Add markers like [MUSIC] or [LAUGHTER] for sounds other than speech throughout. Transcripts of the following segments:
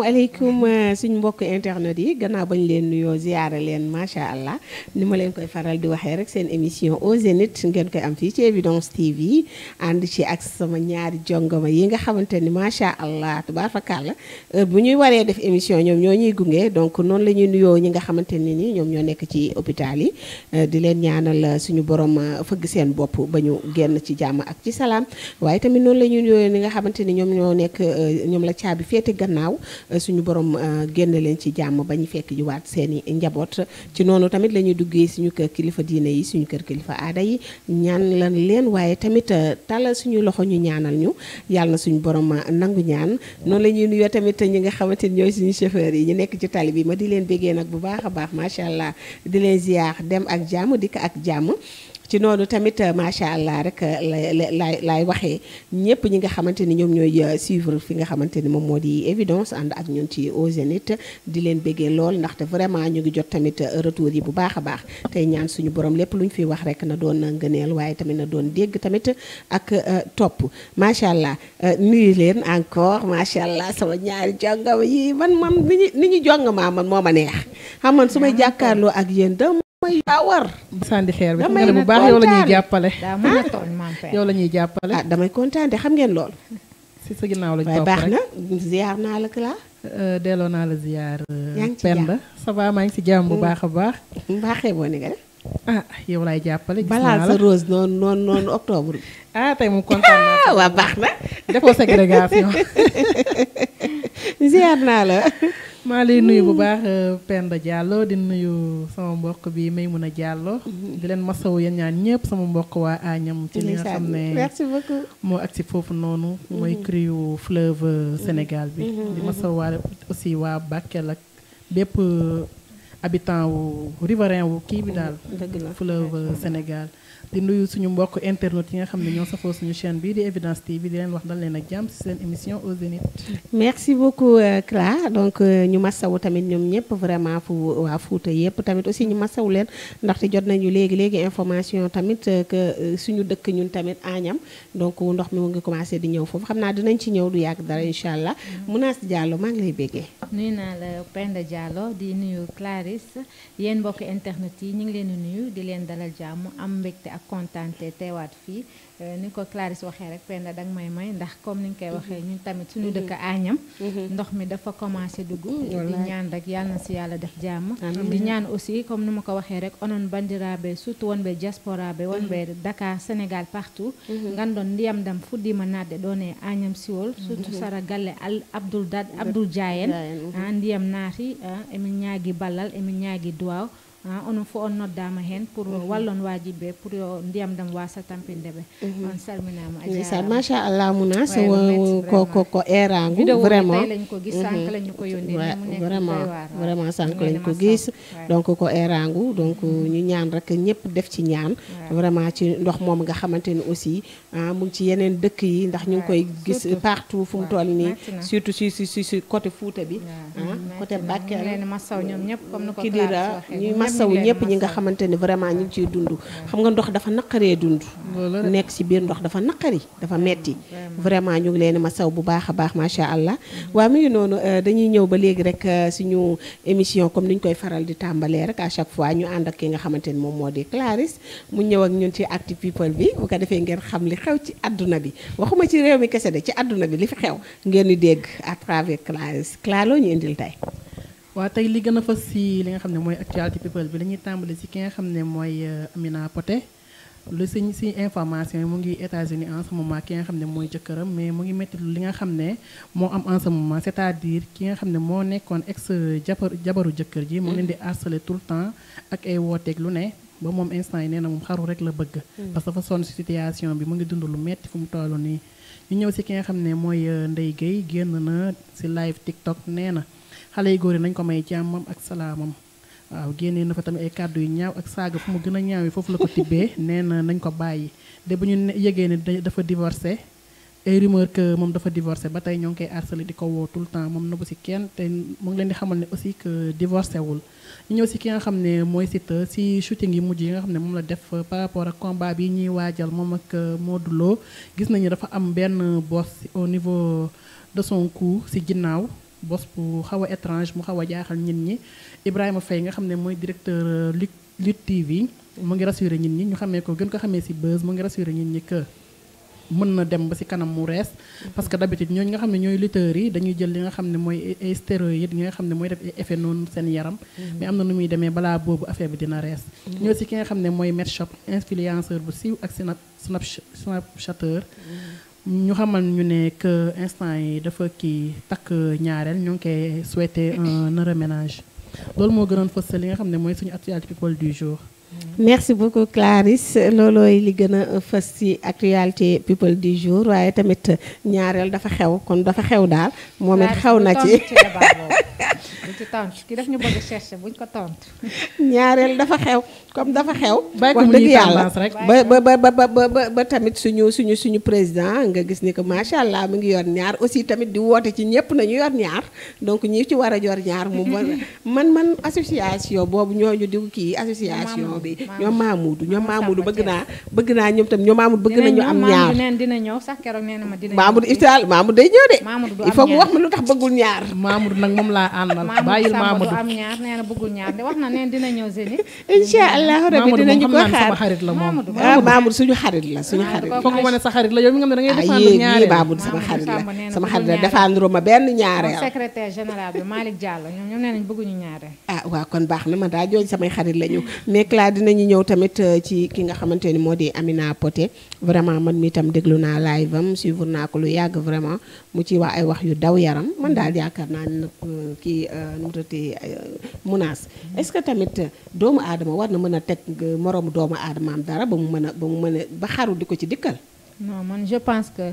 asalaamaaleykum euh, suñu mbokk internet yi gannaaw bañ leen nuyoo ziyaare leen macha allah ni ma leen koy faral di waxee rek seen émission au nit ngeen koy am fii ci Evidence TV ànd ci ak sama ñaari jongama yi nga xamante ni macha allah tubaarfakàlla heure bu ñuy waree def émission ñoom ñoo ñuy gunge donc noonu la ñuy nuyoo ñi nga xamante ne ni ñoom ñoo nekk ci hôpital yi euh, di leen ñaanal euh, suñu borom fëgg seen bopp ba ñu génn ci jàmm ak ci salaam waaye tamit noonu la ñuy nuyoo ñi nga xamante ni ñoom ñoo nekk ñoom la caabi féete gannaaw suñu borom euh, génn leen ci jàmm ba ñu fekk jiwaat seen i njaboot ci noonu tamit lañuy duggee suñu kër kilifa diine yi suñu kër kilifa aada yi ñaan la leen waaye tamit euh, talal suñu loxo ñu ñaanal ñu yàlla na suñu borom euh, nangu ñaan noonu la ñuy nuyoo tamit ñi nga xamante ni ñooy suñu chauffeur yi ñu nekk ci tali bi ma di leen béggee nag bu baax a baax macha allah di leen ziar dem ak jàmm dikk ak jàmm ci noonu tamit euh, macha allah rek euh, la laay laay waxee ñëpp ñi nga xamante ni ñoom ñooy euh, suivre fi nga xamante ni moom moo di évidence ànd ak ñoom ci au nit di leen béggee lool ndaxte vraiment ñu ngi jot tamit retour yi bu baax a baax tey ñaan suñu borom lépp lu ñu fiy wax rekk na doon ngëneel waaye tamit na doon dégg tamit ak topp macha allah nuyu leen encore macha allah sama ñaari jongama yi man man ni ñu jongama man moo ma neex xam man su may jàkkaarloo ak yéen may war sànni xeer bi nga ne bu yow la ñuy jàppale yow la ñuy jàppale damay kontaan xam ngeen lool si sa ginnaaw lañ topp baax na ziar naa la Kalla euh, delloo naa la ziar euh, Penda ça va maa ngi si jàmm bu mm. baax a baax baaxee boo ni nga def ah yow laay jàppale. gis la sa rose noonu noonu octobre bi. ah tey moom kontaan [LAUGHS] waa baax na. defoo ségrégation. [LAUGHS] ziar naa la. [LAUGHS] maa lay nuyu bu hmm. baax euh, pend Diallo di nuyu sama mbokk bi Maymuna Diallo. Hmm. di leen masawu yéen ñaan ñëpp sama mbokk waa Agnam. ci li nga xam ne moo ak si foofu noonu. mooy hmm. CRU fleuve euh, Sénégal bi. di masawu waa aussi waa Bakel ak bépp euh, habitant wu riverain wu kii bi daal. fleuve Sénégal. di nuyu suñu mbokk internet yi nga xam ne ñoo safoo suñu chaîne bii di Evidence TV di leen wax dal leen ak jàmm ci seen émission au zénith. merci beaucoup euh, Clara donc euh, ñu masawu tamit ñoom ñëpp vraiment fu waa Fuuta yëpp tamit aussi ñu masawu leen ndaxte jot nañu léegi léegi information tamit euh, suñu dëkk ñun tamit Agnam donc ndox mi mu ngi commencé di ñëw foofu xam naa dinañ ci ñëw du yàgg dara incha allah. Mm-hmm. Mounass Diallo maa ngi lay béggee. nuyu naa la Penda Diallo di nuyu Clarisse yéen mbokk internet yi ñu ngi leen di nuyu di leen dalal jàmm am mbégte ak kontaante teewaat fii euh, ni ko Clarisse waxee rek Penda danga may may ndax comme ni ñu koy waxee ñun tamit suñu mhm. dëkk Agnam mhm. ndox mi dafa commencé dugg di ñaan rek yàlla na si yàlla def jàmm di ñaan aussi comme ni ma ko waxee rek onon bandiraɓe surtout wonɓe diaspora ɓe wonɓe mhm. Dakar Sénégal partout ngandon ndiyam dam fuɗɗima natde ɗon e Agnam Siwol surtout Sara Galle Abdoul Dad Abdoul Dia en ah, ndiyam naati emin ah, ñaagui ballal emin ñaagui duwaw onon ah, fof on noddama hen pour mhm. wallon wajiɓe pour yo ndiyam ɗam wasa tampinde ɓe mhm. on salminama ajar machallah muna ko ko eragu vraiment lañ ko gis mhm. sank lañu ko yónnee vraiment vraiment sank lañ ko gis donc ko eragu donc ñu ñaan rek ñëpp def ci ñaan vraiment ci ndox moom nga xamante ni aussi ah, mu ngi ci yeneen dëkk yi ndax ñu ngi koy gis partout fu mu toll nii surtout si si si côté Fouta bi ah, côté Bakel masawu ñëpp ñi nga xamante ne vraiment ñu ngi ciy dund xam nga ndox dafa naqaree dund nekk ci biir ndox dafa naqari dafa metti vraiment ñu ngi ma saw bu baax a baax macha allah waaw mi noonu euh, dañuy ñëw ba léegi rek euh, suñu émission comme ni ñu koy faral di tàmbalee rek à chaque fois ñu ànd ak ki nga xamante ni moom moo di Clarisse mu ñëw ak ñun ci actu people bi bu ko defee ngeen xam li xew ci àdduna bi waxuma ci réew mi kese de ci àdduna bi li fi xew ngeen di dégg à travers Clarisse Claro ñu indil tey waa tey li gën a fës si li nga xam ne mooy actualité people bi dañuy tàmbali si ki nga xam ne mooy euh, Amina Poté lu si si information yi mu ngi États-Unis en ce moment ki nga xam ne mooy jëkkëram mais mu ngi métti li nga xam ne moo am en ce moment cest à ki nga xam ne moo nekkoon ex jabar jabaru jëkkër ji mu mm. leen di harceler tout le temps ak ay wooteeg lu ne ba moom instant yi nee na moom xaru rek la bëgg mm. parce que dafa sonn si situation bi mu ngi dund lu metti fu mu toll nii ñu ñëw si ki nga xam ne mooy euh, Ndeye Gueye génn na si live TikTok nee na xale yu góor yi nañ ko may jàmmam ak salaamam waaw génnee na fa tamit ay kàddu yu ñaaw ak saaga fu mu gën a ñaaw yi foofu la ko tibbee [LAUGHS] nee na nañ ko bàyyi de bu ñu yëgee ne dafa divorcé ay rumeur que moom dafa divorcé ba tey ñoo ngi koy harcelé di ko woo tout le temps moom nëbbu si kenn te mu ngi leen di ne aussi que wul ñu si ki nga xam ne mooy Siteu si shooting ngi mujj yi nga xam ne moom la def par rapport ak combat bi ñuy waajal moom ak euh, Modou gis nañu dafa am benn boss au niveau de son si ginnaaw bos bu xaw a étrange mu xaw a jaaxal nit ñi Ibrahima Faye nga xam ne mooy directeur euh, Lutte TV mu ngi rassuré nit ñi ñu xamee ko gën ko xamee ci buzz mu ngi rassuré nit ñi mën na dem ba ci kanam mu rees mm-hmm. parce que d'habitude ñooñu nga xam ne ñooy lutteurs yi dañuy jël li nga xam ne mooy ay stéroïdes yi nga ne mooy def effet noonu seen yaram mm-hmm. mais am na nu muy demee balaa boobu affaire bi dina rees mm-hmm. ñoo ci ki nga xam ne mooy Medshop influenceur bu siiw ak snap snapchateur ñu xamal ñu ne que instant yi dafa kii takk ñaareel ñoo ngi koy souhaiter un heureux ménage loolu moo gënoon fës li nga xam ne mooy suñu actualité people du jour. merci beaucoup Clarisse loolooy li gën a fës ci actualité people du jours waaye tamit ñaareel dafa xew kon dafa xew daal moom it xew na ci ki daf ñu bëgg chercher buñ ko tontu ñaareel dafa xew comme dafa xew wax dëgg yàlla ba ba ba ba ba tamit suñu suñu suñu président nga gis ni que macha allah mu ngi yor ñaar aussi tamit di woote ci ñëpp nañu yor ñaar donc ñi ci war a jor ñaar mu man man association boobu ñooñu di kii association bi ñoom Mamoudou ñoom Mamoudou bëgg naa bëgg naa ñoom tam ñoom Mamoudou bëgg nañu am ñaar neen dina ñëw sax keroog la moom Mamoudou ah, suñu xarit da ngay défendre ñaar Mamoudou sama xarit la sama xarit la défendre ma benn ñaareel secrétaire général bi Malick Diallo ñoom ñoom nee nañ bëgguñu ñaareel ah waaw kon baax na man daa jooju samay xarit la ñu mais daal ñu ñëw tamit euh, ci ki nga xamante ni moo di Amina Poté vraiment man mi tam déglu naa live am suivre naa ko lu yàgg vraiment mu ci wax ay wax yu daw yaram man daal yaakaar naa ne nag euh, kii euh, nu mu tuddati menace mm-hmm. est-ce que tamit doomu aadama war na mën a teg moroomu doomu aadamaam dara ba mu mën a ba mu mën ba xaru di ko ci dikkal. non man je pense que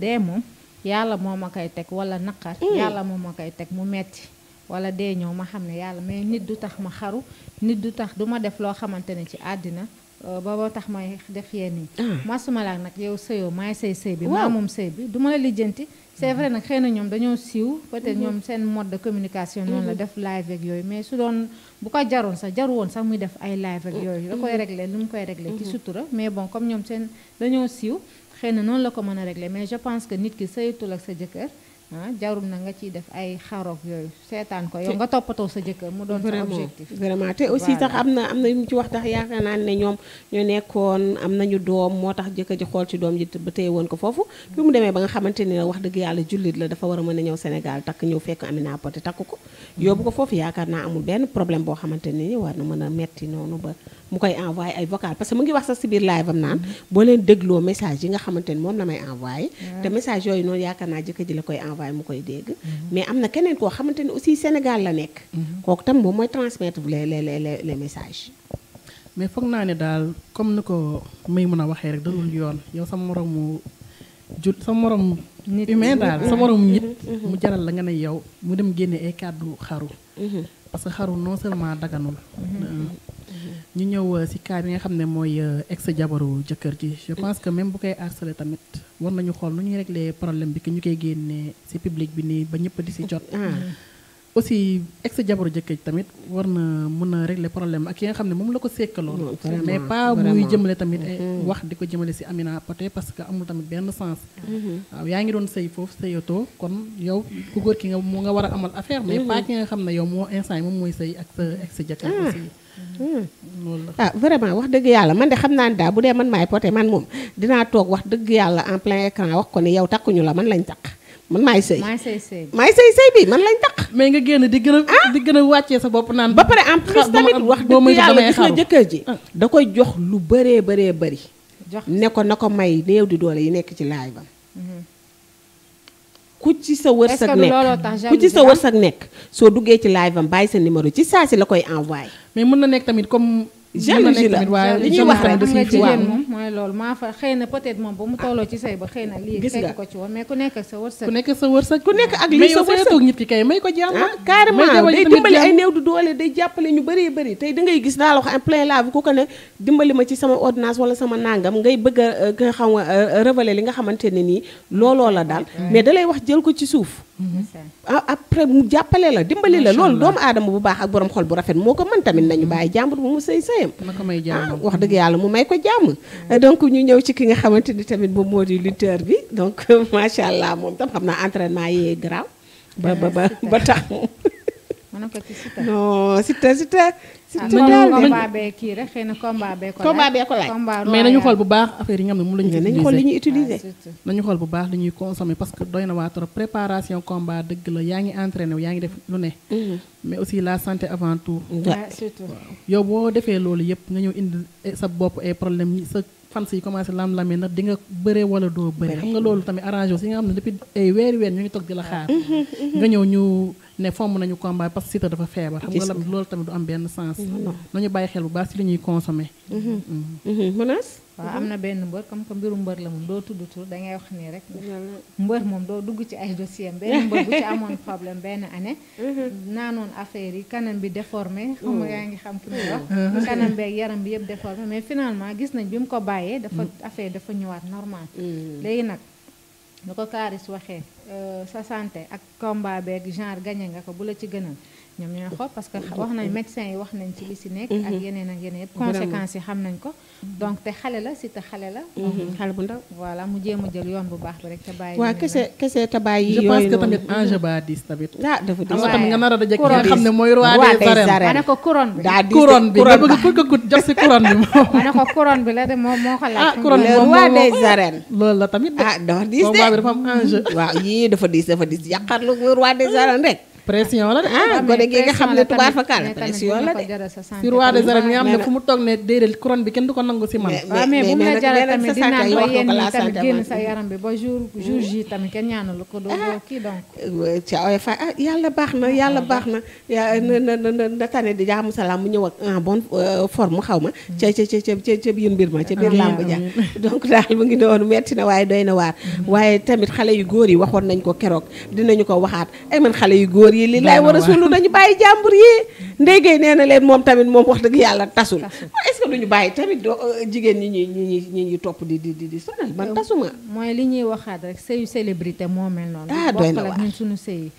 dee moom yàlla moo ma koy teg wala naqar. Mm. yàlla moo ma koy teg mu metti wala dee ñëw ma xam ne yàlla mais nit du tax ma xaru nit du tax duma def loo xamante ne ci àddina euh, ba boo tax may def yenn yi ah. masuma laak nag yow sëyoo maay sëy sëy bi maa moom sëy bi du ma la lijjanti c'est mm-hmm. nag xëy na ñoom dañoo siiw peut-être mm-hmm. ñoom seen mode de communication noonu la mm-hmm. def live ak yooyu mais su doon bu ko jaroon sax jaru woon sax muy def ay live ak yooyu da koy regle lu mu koy régler ci sutura mais bon comme ñoom seen dañoo siiw xëy na noonu la ko mën a régler mais je pense que nit ki sëyatul ak sa jëkkër ah jarum na nga ciy def ay xaroog yooyu seetaan ko yow nga toppatoo sa jëkkër mu doon sa objectif vraiment aussi sax am na am na yu mu ci wax tax yaakaar naa ne ñoom ñu nekkoon am nañu doom moo tax jëkkër xool ci doom ji ba téye woon ko foofu bi mu demee ba nga xamante ne wax dëgg yàlla jullit la dafa war a mën a ñëw Sénégal takk ñëw fekk Amina Poté takk ko mm. yóbbu ko foofu yaakaar naa amul benn problème boo xamante ne war na mën a metti noonu ba mu koy envoyé ay vocal parce que mu ngi wax sax si biir live am naan mm-hmm. boo leen dégloo message yi nga xamante ne moom la may envoyé te message yooyu noonu yaakaar naa jëkkër ji la koy envoyé mu koy dégg mm-hmm. mais am na keneen koo xamante ne aussi Sénégal la nekk mm-hmm. kooku tam moom mooy transmettre les les les messages mais foog naa ne daal comme ni ko may mën a waxee rek dalul yoon yow sama sa moromu jul sa morom humain daal sa morom nit mu jaral la nga ne yow mu dem génne ay kàddu xaru parce que xaru non seulement daganul euh, ñu ñëw euh, si cas bi nga xam ne mooy euh, ex jabaru jëkkër ji je pense que même bu koy harcelé tamit war nañu xool nu ñuy regle problème bi que ñu koy génnee si public bi nii ba ñëpp di si jot ah. aussi ex jabaru jëkkër ji tamit war na mën na régler problème ak yi nga xam ne moom la ko sekkaloon mais pas muy jëmale tamit eh, mm-hmm. wax di ko jëmale si Amina Poté parce que amul tamit benn sens mm-hmm. waaw yaa ngi doon sëy foofu sëyatoo kon yow ku góor ki nga moo nga war a amal affaire mais mm-hmm. pas xam ne yow moo instant moom mooy sëy ak sa ex ah vraiment wax dëgg yàlla man de xam naa ne daal bu dee man maay poté man moom dinaa toog wax dëgg yàlla en plein écran wax ko ni yow takkuñu la man lañ takk man maay sëy maay sëy sëy bi man lañ takk mais nga génn di gën a ah! di gën a wàccee sa bopp naan ba pare en plus tamit wax dëgg yàlla gis nga jëkkër ji ah. da koy jox lu bëree bëree bëri ne ko na ko may néew di doole yi nekk ci laay bam mm-hmm. ku ci sa wërsëg nekk ku ci sa wërsëg nekk soo duggee ci live am bàyyi sa numéro ci saa si la koy envoyé. mais mën na nekk tamit comme jalousie la li ñuy wax rek nga moom mooy loolu maa fa xëy na peut-être moom ba mu tolloo ci say ba xëy na lii fekk ko ci woon ku nekk ak nekk sa ko jàmm ah, carrément day dimbali ay néew du doole day jàppale ñu bëree bëri tey dangay gis naa la wax en plein lave ku ko ne dimbali ma ci sama ordonnance wala sama nàngam ngay bëgg a xam euh, nga euh, euh, révéler li nga xamante ne nii looloo la daal mm. mais dalay wax jël ko ci suuf Mm-hmm. après ah, ah, mu jàppale la dimbali la loolu doomu aadama bu baax ak borom xol bu rafet moo ko mën tamit nañu mm-hmm. bàyyi jàmbur bu mu sëy sëyam ah, wax dëgg yàlla mu may ko jàmm mm-hmm. donc ñu ñëw ci ki nga xamante ni tamit ba moo di lutteur bi donc [LAUGHS] macha allah moom tam xam naa entraînement yee garaaw ba ba ba ba tax non Siteu Siteu Ah, man combat bee mais nañu xool bu baax affaire yi nga xam ne moom lañu nañu xool li ñuy utiliser nañu xool bu baax li ñuy consommer parce que doy na waa trop préparation combat dëgg la yaa ngi entraîné yaa ngi def lu ne mhm. mais aussi laa santé avant tout yow boo defee loolu yëpp nga ñëw indi sa bopp ay problème sa fan yi commencé lam-lamee na di nga bëre wala doo bëre xam nga loolu tamit arrangé aussi nga xam ne depuis ay weeri weer ñu ngi toog di la xaar mhm, mhm. nga ñëw ñu ne fomm nañu combat parce que Siteu dafa feebar. xam nga loolu tamit du am benn sens. nañu bàyyi xel bu baax si li ñuy consommé. Mm-hmm. Mm-hmm. Mm-hmm. waaw am na benn mbër comme que mbiru mbër la moom doo tudd tur da ngay wax nii rek. mbër moom doo dugg ci ay dossier am benn mbër bu ci amoon [LAUGHS] problème benn année. naanoon affaire yi kanam bi déformé. Oh. xam yaa ngi xam ki muy wax. kanam beeg yaram bi yëpp déformé mais finalement gis nañ bi mu ko bàyyee. dafa affaire dafa ñëwaat normal. léegi nag. nu ko Clarisse waxee euh, sa santé ak combat beeg genre gagné nga ko bu la ci gënal ñoom ñooy xool parce que wax nañ médecin yi wax nañ ci li si nekk mhm. ak yeneen ak yeneen yëpp conséquences yi xam nañ ko mhm. donc te xale la si te xale la mhm. xale bu ndaw voilà mu jéem a jël yoon bu baax bi rek te bàyyi waaw kese kese te bàyyi yooyu je pense que tamit enjeu ba diis tamit ah dafa diis waaye tamit nga nar a dajek nga xam ne mooy roi des arènes ma ne ko couronne bi daa diis couronne bi nga bëgg bëgg a gudd jox si couronne bi moom ma ne ko couronne bi la de moom moo ko laaj ah couronne bi roi des arènes loolu la tamit ah dafa diis de combat bi dafa am enjeu waaw yii dafa diis dafa diis yàqaar lu roi des arènes rek pression la de ah gone gi nga xam ne tubaab fa kàll pression la de si roi des arènes nga xam ne fu mu toog ne déedéet couronne bi kenn du ko nangu si man waaw ah, mais bu mu la jaral tamit di naan ba yenn yi tamit génn sa yaram bi ba jour mm. jour ji tamit kenn ñaanalu ko doo ah. kii donc ca ay fa ah yàlla baax na ah, yàlla baax na na na na tane di jaamu salaam mu ñëw ak en bonne euh, forme xaw ma mm. ca ca ca ca ca biir mbir ma ca biir làmb ja [LAUGHS] donc daal mu ngi noonu metti na waaye doy na waar mm. waaye tamit xale yu góor yi waxoon nañ ko keroog dinañu ko waxaat ay eh man xale yu góor yi li laay war a sulu nañu bàyyi jàmbur yi ndéygéey nee na leen moom tamit moom wax dëgg yàlla tasul est-ce que duñu bàyyi tamit doo euh, jigéen ñi ñi ñi ñi ñi topp di di di di sonal man euh, tasuma mooy li ñuy waxaat rek sëyu célébrité moo mel noonu ah doy na waar ñun suñu sëy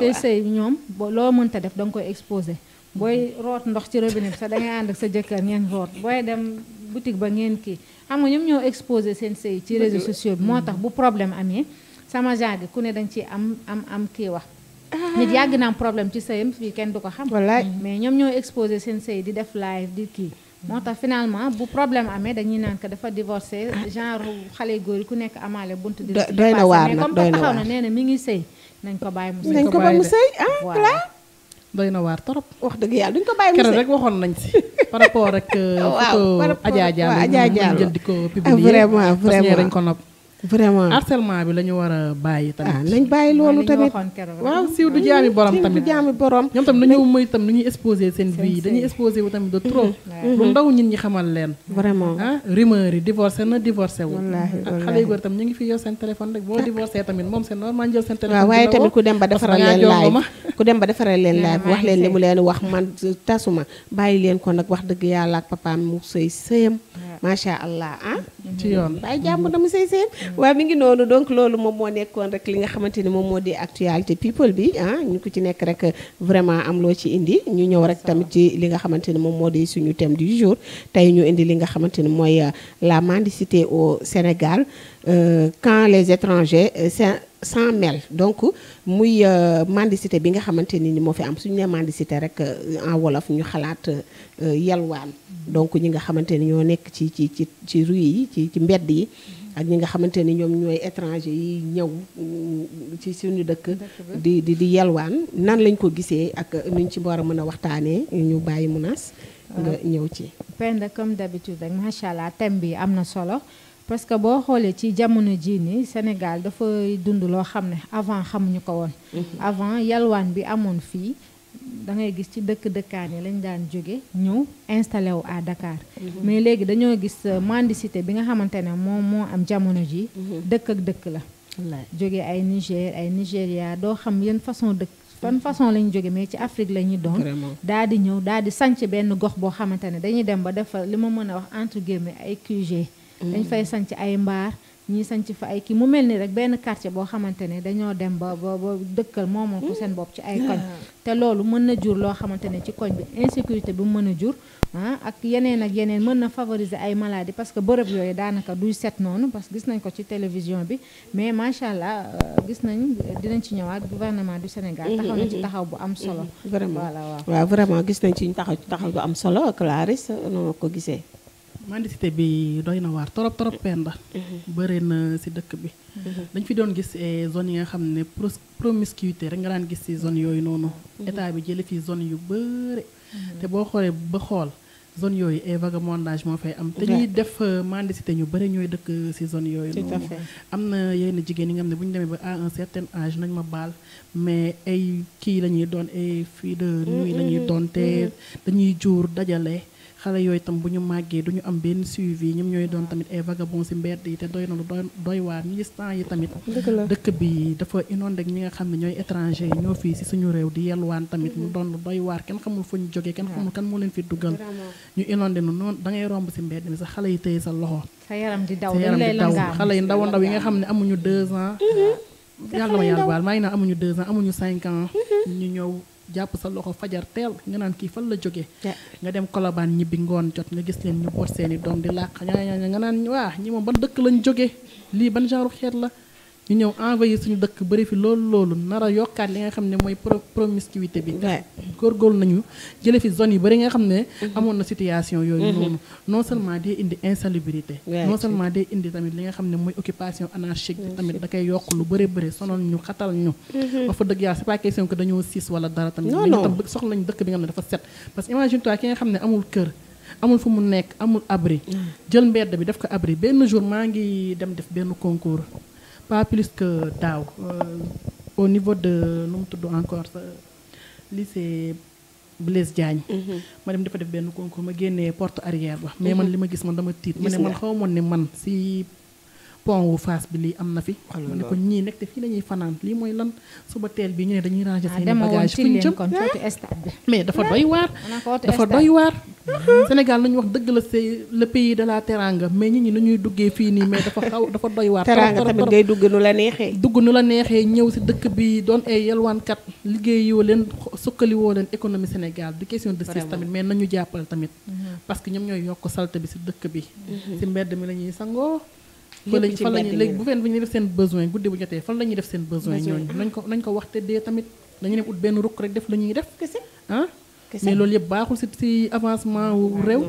sëy sëy ñoom loo mënta def danga koy exposé booy mm-hmm. root ndox ci robinet bi sax da ànd ak sa jëkkër ngeen root booy dem boutique ba ngeen kii xam nga ñoom ñoo exposé seen sëy ci réseau sociaux bi moo tax mm-hmm. bu problème amee sama genre ku ne danga ciy am am am kii wax Ah. nit yàgg na am problème ci sëyam fii kenn du ko xam. wallaay mm. mais ñoom ñoo exposé seen sëy di def live di kii. moo tax finalement bu problème amee dañuy naan que dafa divorcé ah. genre xale góor yi ku nekk amaale bunt di doy na waar nag doy mais comme taxaw na nee na mi ngi sëy nañ ko bàyyi mu sëy ko bàyyi mu ah doy na waar trop. wax dëgg yàlla duñ ko bàyyi mu sëy keroog rek waxoon nañ si. [LAUGHS] par rapport ak. Euh, waaw par rapport ak di ko publier. vraiment vraiment parce que dañ ko nopp. vraiment harcèlement bi la ñu war a bàyyi tamit. ah nañ bàyyi loolu tamit waaw siiw du jaami borom tamit du jaami borom. ñoom tam nañu moy tam nu ñuy exposé seen vie dañuy exposé wu tamit de trop. Mhm. lu ndaw ñin ñi xamal leen. vraiment ah rumeur yi divorcé na divorcé wu. Ah, wallaahi xale yu góor tam ñu ngi fi yor seen téléphone rek boo ah. divorcé tamit moom c'est normal jël seen téléphone. waaw waaye tamit ku dem ba defaral leen live ku dem ba defaral leen [LAUGHS] live wax leen li mu leen wax man tasuma bàyyi leen ko nag wax dëgg yàlla ak papaam mu sëy sëyam macha allah ah mm-hmm. ci yoon waaye jàmm dama sëy seen waaw mi ngi noonu donc loolu moom moo nekkoon rek li nga xamante ni moom moo di actualité people bi ah ñu ko ci nekk rek vraiment am loo ci indi ñu ñëw rek tamit ci li nga xamante ni moom moo di suñu thème du jour tey ñu indi li nga xamante ni mooy euh, la mandicité au Sénégal Euh, quand les étrangers euh, s'en mêlent donc muy euh, mendicité bi nga xamante ni moo fi am suñ nee mendicité rek en wolof ñu xalaat yalwaan donc ñi nga xamante ni ñoo nekk ci ci ci ci rue yi ci ci mbedd yi ak ñi nga xamante ni ñoom ñooy étranger yi ñëw ci suñu dëkk di di di yalwaan nan lañ ko gisee ak nuñ ci war a mën a waxtaanee ñu bàyyi munaas nga ñëw ci Penda comme d'habitude rek macha allah thème bi am na solo parce que boo xoolee ci jamono jii nii Sénégal dafay dund loo xam ne avant xamuñu ko woon. Mhm. avant yalwaan bi amoon fii. da ngay gis ci dëkk dëkkaan yi lañ daan jóge ñëw installé wu à Dakar. Mhm. mais léegi dañoo gis euh, mendicité bi nga xamante ne moom moo am jamono ji. Mhm. dëkk ak dëkk la. jóge ay Niger ay Nigéria doo xam yan façon dëkk fan façon lañ jóge mais ci Afrique la ñu doon. daal di ñëw daal di sanc benn gox boo xamante ne dañuy dem ba defar li ma mën a wax entre guillemets ay QG. dañ fay sanc ay mbaar ñii sanc fa ay kii mu mel ni rek benn quartier boo xamante ne dañoo dem ba ba ba dëkkal moomal ko seen bopp ci ay koñ te loolu mën na jur loo xamante ne ci koñ bi insécurité bi mu mën a jur ah ak yeneen ak yeneen mën na favoriser ay maladies parce que bërëb yooyu daanaka duy set noonu parce que gis nañ ko ci télévision bi mais macha allah euh, gis nañ dinañ ci ñëwaat gouvernement du Sénégal. Mhm, taxaw na ci mhm. taxaw bu am solo. Mhm, vraiment waaw vraiment gis nañ ci taxaw ci taxaw bu am solo Clarisse noo ko gisee. mendicité bi doy na waar trop trop penda mm-hmm. bëri na si dëkk bi mm-hmm. dañ fi doon gis eh, zone yi nga xam ne promiscuité rek nga daan gis si zone yooyu noonu mm-hmm. état bi jële fi zone yu bëri te boo xoolee ba xool zone yooyu ay vagabondage moo fay am te ñuy def euh, mendicité ñu bëri ñooy dëkk euh, si zone yooyu noonu am na yenn jigéen yi nga xam ne bu ñu demee ba à un certain âge nañ ma baal mais ay kii la ñuy doon ay fille de nuit la ñuy doon te dañuy jur dajale xale yooyu tam bu ñu màggee du ñu am benn suivi ñoom ñooy doon tamit ay vagabond si mbedd yi te doy na lu doy doy waar ñu gis temps yi tamit dëkk bi dafa inondé ak ñi nga xam ne ñooy étranger yi ñoo fii si suñu réew di yelwaan tamit doon lu doy waar kenn xamul fu ñu jógee kenn xamul kan moo leen fi dugal ñu inondé nu noonu da ngay romb si mbedd mi sa xale yi téye sa loxo sa yaram di daw xale yi ndaw ndaw yi nga xam ne amuñu deux ans mm-hmm. yàlla ma yàlla baal maa ngi naan amuñu deux ans amuñu cinq mm-hmm. ñu ñëw jàpp sa loxo fajar teel nga naan kii fan la jógee nga dem kolobaan ñibbi ngoon jot nga gis leen ñu boot seen i doom di làq ñaa ñaa nga naan waa ñi moom ban dëkk lañ jógee lii ban genre xeet la ñu ñëw envoyé suñu dëkk bëri fi loolu loolu nar a yokkaat li nga xam ne mooy pro promiscuité bi góorgóorlu nañu jële fi zone yi bëri nga xam ne mhm. amoon na situation yooyu mhm. noonu non seulement day indi insalubrité non seulement day indi tamit li nga xam ne mooy occupation anarchique bi tamit da koy yokk lu bëri bëri sonal ñu xatal ñu mhm. ba fa dëgg yàlla c'est pas question que dara tamit mais ñu tam soxla nañu dëkk bi nga xam ne dafa set amul kër amul fu mu nekk amul abri jël mbedd bi def ko abri benn jour maa ngi dem def benn concours pas plus que daaw euh, au niveau de nu mu tudd encore sa euh, lycée Blaise Diagne. Mhm. ma dem dafa def benn concours ma génne porte arrière ba. mais mhm. man li ma gis man dama tiit. ma ne man xaw ma ne man si. pont wu Fass bi lii am na fi. Oh mu ko ñii nekk te fii la fanaan lii mooy lan suba teel bi ñu ne dañuy ranger seen bagage fu ñu mais dafa doy waar. dafa doy waar. Mhm. Sénégal dëgg la c'est le pays de la teranga mais ñi ñi nu ñuy duggee fii nii mais dafa xaw dafa doy waar. teranga tamit ngay dugg nu la neexee. dugg nu la neexee ñëw si dëkk bi doon ay yalwaankat liggéeyoo leen sukkaliwoo leen économie Sénégal du question de sis tamit mais nañu jàppale tamit. Mhm. parce que ñoom ñooy yokk salte bi si dëkk bi. si mhm. mbedd mi la ñuy sangoo lépp ci fan lañuy léegi bu feen bu ñuy def seen besoin guddi bu jotee fan la ñuy def seen besoin ñooñu nañ ko nañ ko wax te dee tamit dañu dem ut benn rukk rek def la ñuy def ah? kese mais loolu yëpp baaxul si si avancement wu ah, réew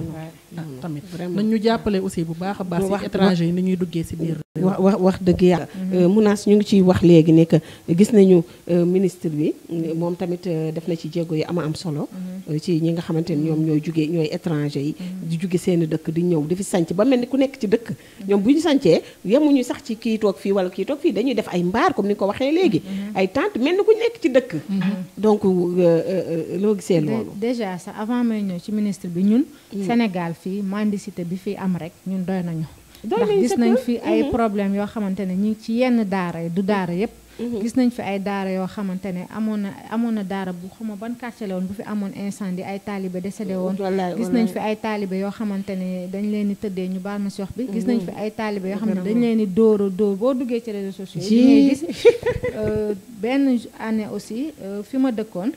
ah, tamit nañ ñu jàppale aussi bu baax a baax si étranger yi ni ñuy duggee si biir wax wax wax dëgg yàlla munaas mhm. euh, ñu ngi ciy wax léegi ne que gis nañu euh, ministre bi moom tamit euh, def na ci jéego yi am am solo mhm. ci ñi nga xamante ni ñoom ñooy juge ñooy étranger yi di juge seen dëkk di ñëw di fi sanc ba mel ni ku nekk ci dëkk ñoom bu ñu sancee yemuñu sax ci kiitoog fii wala kii fii dañuy def ay mbaar comme ni ko waxee léegi mm-hmm. ay tente mel ni ku nekk ci dëkk mm-hmm. donc euh, euh, loo gisee loolu déjà sax avant may ñëw ci ministre bi ñun mm. Sénégal fii mendicité bi fii am rek ñun doy nañu ndax gis nañu fi ay mm-hmm. problème yoo xamante ne ñi ci yenn daara yi du daara yépp Mhm. gis nañ fi ay daara yoo xamante ne amoon na amoon na daara bu xuma ban quartier woon bu fi amoon incendie ay taalibe décédé woon gis nañ fi ay taalibe yoo xamante ne dañ leen di ñu baal ma si wax bi gis nañ fi mhm. ay taalibe yoo xam ne dañu leen di dóor a dóor boo duggee ci réseaux sociaux yi ngay gis [LAUGHS] euh, benn année aussi euh, fi ma dëkkoon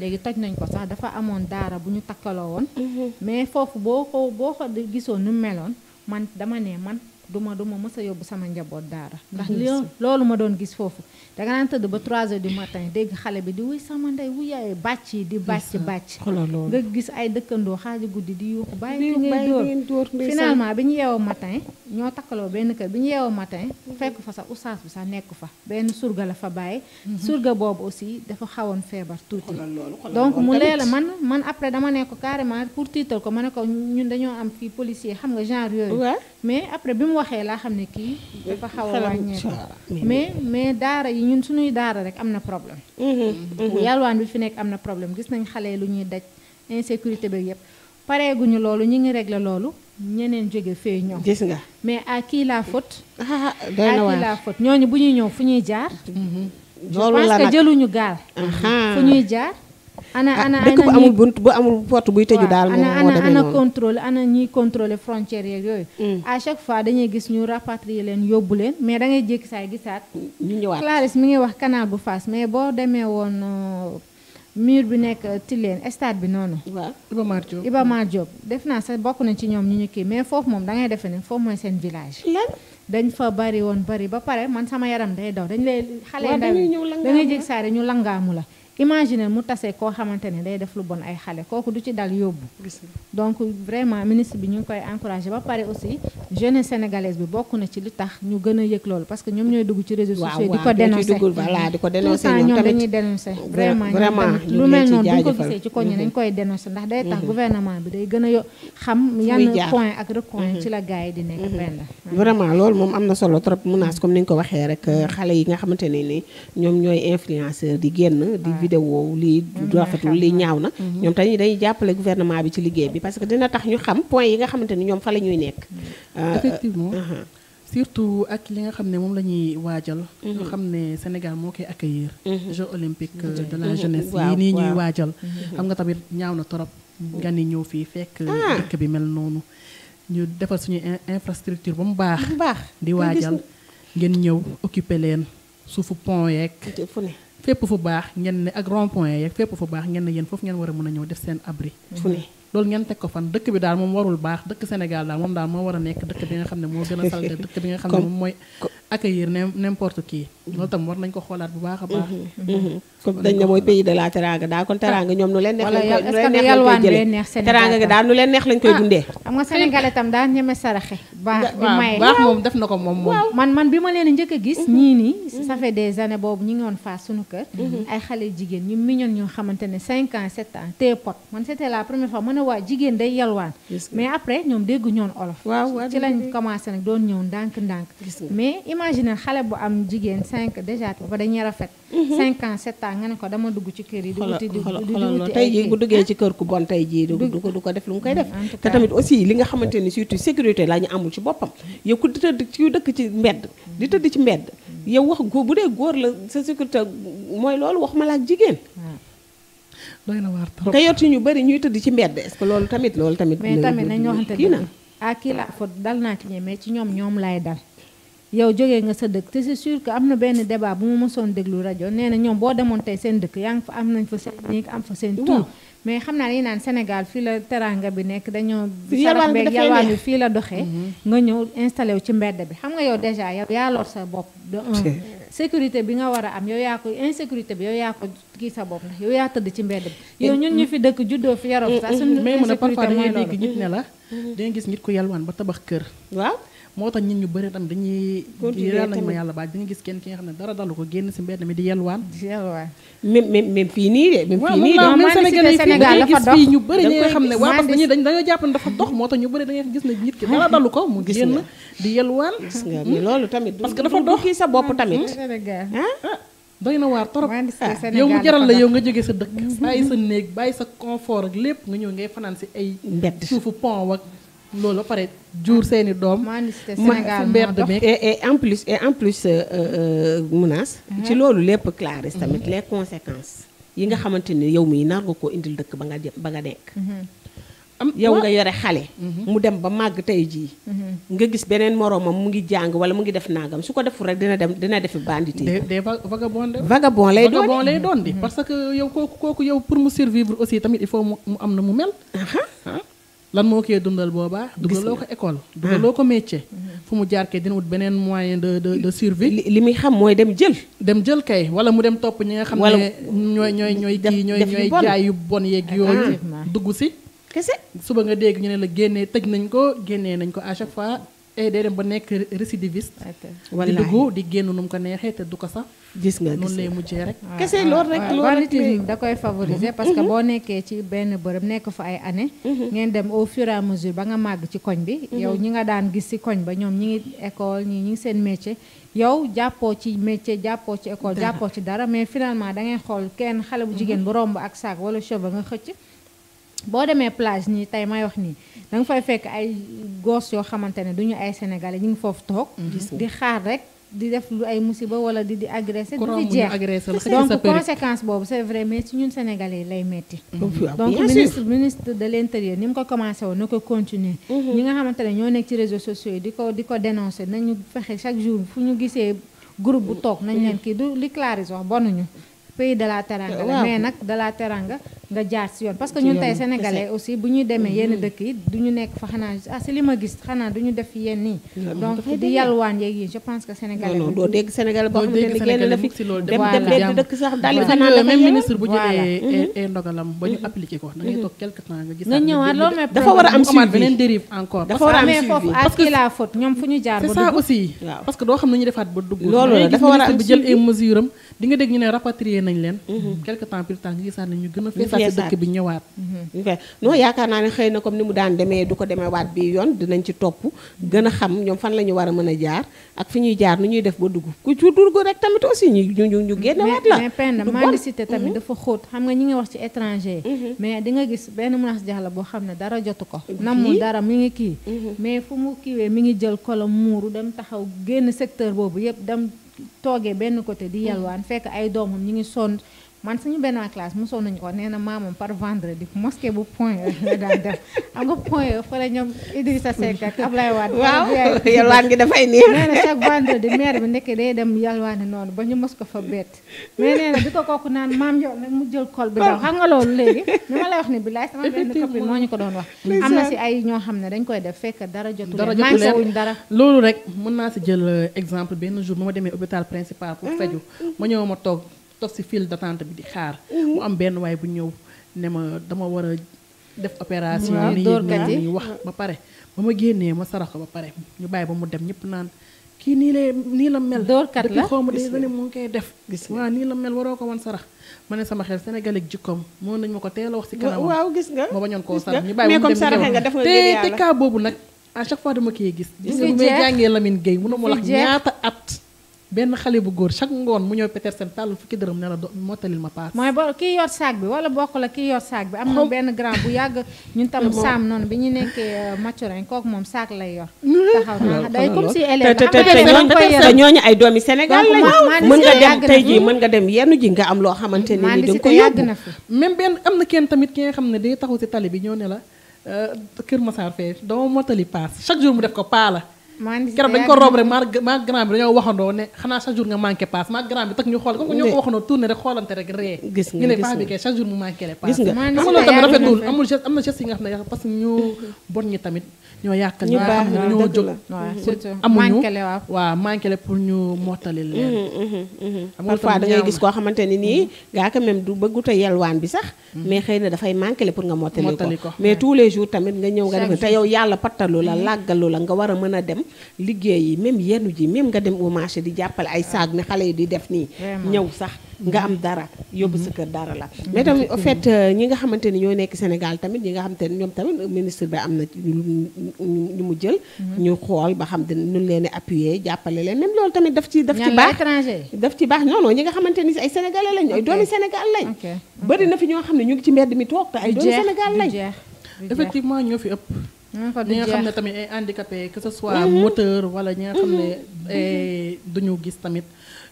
léegi toj nañ ko sax dafa amoon daara bu ñu takkaloo woon mhm. mais foofu boo ko boo ko gisoon nu meloon man dama ne man du ma du ma a yóbbu sama njaboot daara ndax mhm. li loolu ma doon gis foofu danga naan tëdd ba 3 heures du matin dégg xale bi di wuy sama ndey wu bàcc yi di bàcc bàcc nga gis ay dëkkandoo xaaji guddi di yuuxu bàyyi ki ngay dóor finalement bi ñu yeewoo matin ñoo takkaloo benn kër bi ñu yeewoo matin fekk fa sax oustaz bi sax nekk fa benn surga la fa bàyyi mhm. surga boobu aussi dafa xawoon feebar tuuti donc mu leela man man après dama ne ko carrément pour tiital ko ma ne ko ñun dañoo waxee laa xam ne kii dafa xaw a mais mais daara yi ñun suñuy daara rek am na problème mm-hmm, mm-hmm. yalwaan bi fi nekk am na problème gis nañ xale lu ñuy daj insécurité bi yëpp pareeguñu loolu ñu ngi régler loolu ñeneen jóge fee ñëw gis nga mais à kii la faute ah, ah, ah, à qui la faute ñooñu bu ñuy ñëw fu ñuy jaar mm-hmm. je jëluñu gaal fu ñuy jaar ana ah, ana dëkk bu amul bunt bu amul porte daal moom moo demee noonu ana contrôle ana ñiy contrôler frontières yooyu mm. à chaque fois dañuy gis ñu rapatrier leen yóbbu leen mais dangay ngay saa gisaat ñu ñëwaat Clarisse mi ngi wax canal bu Fass mais boo demee woon euh, mur bi nekk Tilène stade bi noonu Iba Mar Diop Iba Mar Diop def naa sax bokk na ci ñoom ñu ñu kii mais foofu moom dangay ngay defe ne foofu mooy seen village dañ fa bari woon bari ba pare man sama yaram day daw dañ lay xale ndaw da ngay jékki saay ñu langaamu la imagine mu tase koo xamante ne day def lu bon ay xale kooku du ci dal yóbbu donc vraiment ministre bi ñu ngi koy encouragé ba pare aussi jeunesse sénégalaise bi bokk na ci li tax ñu gën a yëg loolu parce que ñoom ñooy dugg ci réseaux sociaux di ko dénoncé voilà di ko dénoncé ñoom dañuy dénoncé vraiment lu mel noonu bu ñu ko ndax day tax mhm. gouvernement bi day gën a xam yan point ak recoin mhm. ci la gars yi di nekk mhm. benn vraiment loolu moom am na solo trop menace comme ni nga ko waxee rek xale yi nga xamante ne ni ñoom ñooy influenceur di génn vidéo lii mm-hmm. rafetul lii mm-hmm. ñaaw na mm-hmm. ñoom tamit bi ci liggéey bi parce que dina tax ñu xam nekk euh, euh, uh-huh. surtout ak li nga xam ne moom la ñuy waajal nga xam ne Sénégal moo koy accueillir Jeux olympiques euh, de la jeunesse yi nii ñuy waajal xam nga tamit ñaaw na torop nga ni ñëw fii fekk ah. dëkk bi mel noonu ñu defal suñu infrastructure ba mu baax di waajal ngeen ñëw occuper leen suufu pont yeeg fépp fu baax ngeen ne ak rond point yeeg fépp fu baax ngeen ne yéen foofu ngeen war a mën a ñëw def seen abri loolu ngeen teg ko fan dëkk bi daal moom warul baax dëkk Sénégal daal moom daal moo war a nekk dëkk bi nga xam ne moo gën a salte [LAUGHS] dëkk bi nga xam ne moom mooy accueillir n'importe qui. loolu tam war nañ ko xoolaat bu baax a baax. Mhm, mhm. comme dañ daa kon teranga ñoom nu leen neex. lañ koy jëlee wala ah, dundee. xam nga sénégalais tam daa ñeme saraxe. baax di maye baax moom def na ko moom moom. man man bi ma leen njëkk a gis. Mhm. ñii nii ça fait des années boobu ñu ngi woon faa suñu kër. ay xale jigéen ñu miñoon ñoo xamante ne 5 ans 7 ans tee pot man c'était la première fois ma ne waa jigéen day yalwaan. mais après ñoom dégg ñoon olof. ci imaginer xale bu am jigéen 5 déjà ba dañuy rafet. 5 mhm. ans 7 ans nga ne ko dama dugg ci kër yi. di wuti di wuti tey jii bu duggee ci ah? kër ku bon tey jii du ko def lu mu koy mm, def. te tamit aussi li nga xamante ni surtout sécurité laa ñu amul ci boppam. yow ku di tëdd ci dëkk ci mbedd. di tëdd ci mbedd. Mm. yow wax góor bu dee góor la sa sécurité mooy loolu wax ma la ak jigéen. Ah. doy na waar trop te yor ci ñu bëri ñuy tëdd ci mbedd est-ce que loolu tamit loolu tamit. mais tamit nañu waxante dëgg ah la dal naa ci ñemee ci ñoom ñoom laay dal yow jógee nga sa dëkk te c'est sûr que am na benn débat bu ma mësoon déglu rajo neena ñoom boo demoon tey seen dëkk yaa ngi fa am nañ fa seen néeg mais xam naa dañu naan Sénégal fii la teranga bi nekk dañoo sarax beeg yalwaan bi fii la doxee mm-hmm. nga ñëw installé wu ci mbedd bi xam nga yow déjà yow yaa lor sa bopp de un sécurité bi nga war a am yow yaa ko insécurité bi yow yaa kii sa bopp ndax yow yaa tëdd ci mbedd bi ñun ñu fi dëkk juddoo fi yaroo sax mm-hmm. suñu insécurité mooy loolu mais a la mm-hmm. da gis nit ku yalwaan ba tabax kër waaw moo tax nit ñu bëri tam dañuy yàlla nañ yàlla baal dañuy gis kenn ki nga xam ne dara dalu ko génn si mbedd mi di yelwaan di yelwaan même fii nii de même fii nii de même Sénégal yi fii gis fii ñu bëri ñi nga xam ne waa parce jàpp ne dafa moo tax ñu bëri da ngay gis ne nit ki dara dalu ko mu génn di yelwaan gis nga hmm? loolu tamit parce que dafa dox kii sa bopp hmm? tamit hmm? ah doy na waar torop ah, yow mu jaral la yow nga jóge sa dëkk [LAUGHS] bàyyi sa néeg bàyyi sa confort ak lépp nga ñëw ngay fanaan si ay mbedd suufu pont ak loolu la pare jur seeni doom. Sénégal mbedd mi et en plus et en plus euh, euh, menace. Mhm. ci loolu lépp Clarisse tamit mhm. les conséquences. yi nga xamante ni yow mii nar ko indil dëkk ba nga jë ba nga nekk. Mhm. yow nga yore xale. mu dem ba màgg tey jii. nga gis beneen moroomam mu ngi jàng wala mu ngi def nangam su ko deful rek dina dem dina defi bandit yi. des vagabond vagabond lay doon vagabond lay doon di. parce que yow kooku kooku yow pour mu survivre aussi tamit il faut mu am na mu mel. lan moo koy dundal boobaa. dugg dugaloo ko école. Ah. loo ko métier. fu mu jaar kay dina wut beneen moyen de de de survie. li muy xam mooy dem jël. dem jël kay wala mu dem topp ñi nga xam ne. ñooy ñooy ñooy kii ñooy ñooy jaay yu bon yeeg ah, yooyu. Ah. dugg si. kese suba nga dégg ñu ne la génnee tëj nañ ko génnee nañ ko à chaque fois. et eh, day dem ba nekk récidiviste. wallaahi di dugg di génn nu ko neexee te du ko sax. gis nga gis lay mujjee rek. kese loolu rek loolu rek da koy favoriser parce que mhm. boo nekkee ci benn bërëb nekk fa ay année. Mhm. ngeen dem au fur mesure ba nga màgg ci koñ bi. Mhm. yow ñi nga daan gis ci koñ ba ñoom ñi ngi école ñi ngi seen métier. yow jàppoo ci métier jàppoo ci école jàppoo ci dara mais finalement da ngay xool kenn xale bu jigéen bu romb ak saak wala cheveux nga xëcc. boo demee plage nii tey may wax nii da nga fay fekk ay gos yoo xamante ne du ñu ay sénégalais ñu ngi foofu toog. Mm-hmm. di xaar rek di def lu ay musiba wala di di agressé. du fi jeex donc conséquence boobu c'est vrai mais ci ñun sénégalais yi lay metti mm-hmm. donc ministre ministre de l'intérieur ni mu ko commencé woon na ko continuer. Mm-hmm. ñi nga xamante ne ñoo nekk ci réseaux sociaux yi di ko di ko dénoncer nañu fexe chaque jour fu ñu gisee groupe bu toog nañu leen kii du li Clarisse wax bonuñu. pays la teranga nag de la teranga nga jaar si yoon parce que ñun tey sénégalais aussi bu ñuy demee mm-hmm. yenn dëkk yi du ñu nekk fa xanaa ah si li ma gis xanaa du ñu def yenn yi donc di yalwaan yeeg yi je pense que sénégalais non doo dégg sénégalais boo xam ne génn la fi dem dem dem dëkk sax dali xanaa même ministre bu jëlee ay mm-hmm. ndogalam ba ñu mm-hmm. appliqué ko da ngay toog quelque temps nga gis nga ñëwaat loolu mooy dafa war a am suivi beneen dérive encore dafa war a am suivi foofu à qui la faute ñoom fu ñu jaar ba dugg c'est ça aussi parce que doo xam ne ñu defaat ba dugg loolu dafa war a am bu jël ay mesure am di nga dégg ñu ne rapatrier nañ leen quelque temps plus tard nga gisaat ne ñu gën a dépassé dëkk bi ñëwaat mm-hmm. ok non yaakaar naa ne xëy na comme ni mu daan demee du a xam ñoom fan la ñu a mën a jaar ak fi ñuy jaar nu ñuy ba dugg ku ci dugg rek tamit aussi ñu ñu ñu génnewaat la mais Penda mendicité tamit mm-hmm. dafa xóot xam nga ñi ngi wax ci étranger mm-hmm. mais di gis benn menace jaxla boo xam ne dara jotu ko namul dara mi ngi kii mais fu mu kiiwee mi ngi jël kolam muuru dem taxaw génn secteur boobu yëpp dem toogee benn côté di yalwaan fekk ay doomam ñi ngi sonn man suñu benn classe mosoon nañu ko nee na maamam par vendredi mosquée bu point e la daan def xam [LAUGHS] nga point e, fa la ñoom Idrissa Seck ak Ablaye Wade. waaw [LAUGHS] yalwaan gi bi ndekk day dem yalwaani noonu ba ñu mos ko fa bett mais nee ko kooku naan maam yow mu jël kol bi daw xam nga loolu léegi ni ma wax ni bilaay sama moo ñu ko doon wax. am na si ay ñoo xam ne dañ koy def fekk dara jotu leen dara loolu rek mën naa si jël euh, exemple benn jour ba ma demee hôpital principal pour ah. faju ma ñëw ma toog toog si file d'attente bi di xaar. Mhm. mu am benn waay bu ñëw ne ma dama war a def opération. nii wax ba pare. ba ma génnee ma sarax ko ba pare ñu bàyyi ba mu dem ñëpp naan kii nii lay nii la mel. doorkat la xaw ma de ne mu ngi koy def. gis waaw nii la mel waroo ko wan sarax. ma ne sama xel sénégalais jikkoom moo nañ ma ko teel a wax si kanamam. waaw gis nga ma bañoon koo sarax ñu bàyyi ba mu dem te te cas boobu nag à chaque fois dama koy gis. gis nga bu may jàngee Lamine Gueye mënuma wax at. benn xale bu góor chaque ngoon mu ñëw Petersen tàllul fukki dërëm ne la do mottalil ma paas. mooy bo kii yor saag bi wala bokk la kii yor saag bi. am na benn grand bu yàgg ñun tam saam noonu bi ñu nekkee euh, Maturin kooku moom saag lay yor. [LAUGHS] taxaw na day comme si élève te te ñooñu ay doomi Sénégal lañu. mën nga dem tey jii mën nga dem yenn ji nga am loo xamante ne nii da ko yàgg na fi même benn am na kenn tamit ki nga xam ne day taxaw si tali bi ñëw ne la euh, Kër Massar fee dama mottali paas chaque jour mu def ko paa la keroog dañ ko roob rek maa grand bi dañoo waxandoo ne xanaa chaque jour nga manqué paas maa grand bi tak ñu xool comme ñoo ko waxandoo tourné rek xoolante rek ree gis nga ñu nga koo xamante ni nii gaa quand même du bëggut a yelwaan bi sax mais xëy na dafay manqué le pour nga mottali ko mais tous les jours tamit nga ñëw nga def te yow yàlla pattalu la làggalu la nga war a mën a dem liggéey yi même yenn ji même nga dem au marché di jàppale ay saag ne xale yi di def nii ñëw sax nga am dara yóbbu sa kër dara la mm-hmm. mais tamit en fait euh, ñi nga xamante ni ñoo nekk Sénégal tamit ñi nga xamante ni ñoom tamit ministre bi am na ñu mu jël mm-hmm. ñu xool ba xam dina ñu leen appuyer jàppale leen même loolu tamit daf ci daf ci baax daf ci baax non non ñi nga xamante ni ay sénégalais lañ ay doomi senegal lañ bëri na fi ñoo xam ne ñu ngi ci mbedd mi toog te ay doomi Sénégal lañ effectivement ñoo fi ëpp ñi nga xam ne tamit ay handicapé que ce soit moteur wala ñi nga xam ne eh, duñu gis tamit